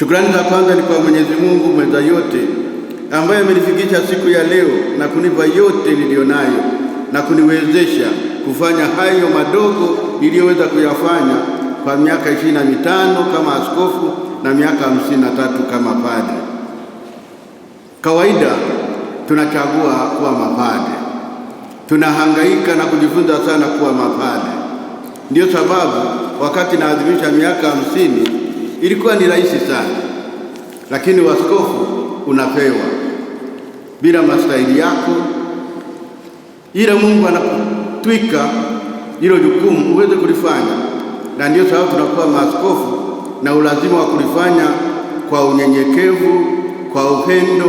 Shukrani za kwanza ni kwa Mwenyezi Mungu mweza yote ambaye amenifikisha siku ya leo na kunipa yote niliyo nayo na kuniwezesha kufanya hayo madogo niliyoweza kuyafanya kwa miaka ishirini na mitano kama askofu na miaka hamsini na tatu kama padre. Kawaida tunachagua kuwa mapadre, tunahangaika na kujifunza sana kuwa mapadre. Ndiyo sababu wakati naadhimisha miaka hamsini ilikuwa ni rahisi sana, lakini waskofu unapewa bila mastahili yako, ila Mungu anakutwika hilo jukumu uweze kulifanya, na ndio sababu tunakuwa maaskofu na ulazima wa kulifanya kwa unyenyekevu, kwa upendo,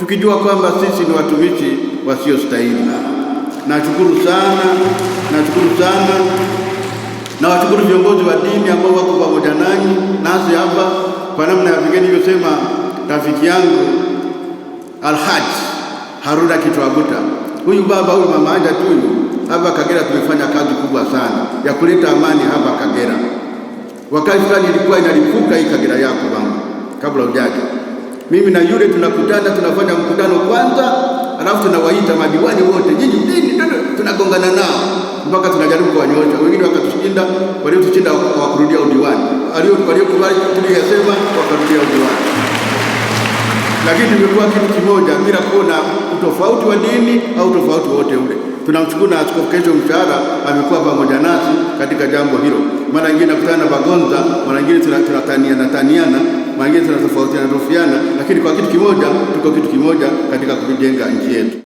tukijua kwamba sisi ni watumishi wasiostahili. Nashukuru sana, nashukuru sana, na washukuru viongozi wa dini ambao wako pamoja nanyi nasi hapa kwa namna ya pekee nilivyosema, rafiki yangu Alhaji Haruna Kitwabuta, huyu baba huyu mama aja tu hapa Kagera, tumefanya kazi kubwa sana ya kuleta amani hapa Kagera. Wakati fulani ilikuwa inalipuka hii Kagera yako mama, kabla hujaja, mimi na yule tunakutana, tunafanya mkutano kwanza, alafu tunawaita madiwani wote, nyinyi nini, tunagongana nao mpaka tunajaribu kuwanyoosha. Wengine wakatushinda, waliotushinda wakurudia udiwani aliyokubali tuliyosema wakarudia ujuwani. Lakini tumekuwa kitu kimoja bila kuona utofauti wa dini au utofauti wote ule. Tunamshukuru na Askofu Kesho Mshahara amekuwa pamoja nasi katika jambo hilo. Mara nyingine nakutana na Bagonza, mara nyingine tunataniana taniana, mara nyingine tunatofautiana tofautiana, lakini kwa kitu kimoja, tuko kitu kimoja katika kujenga nchi yetu.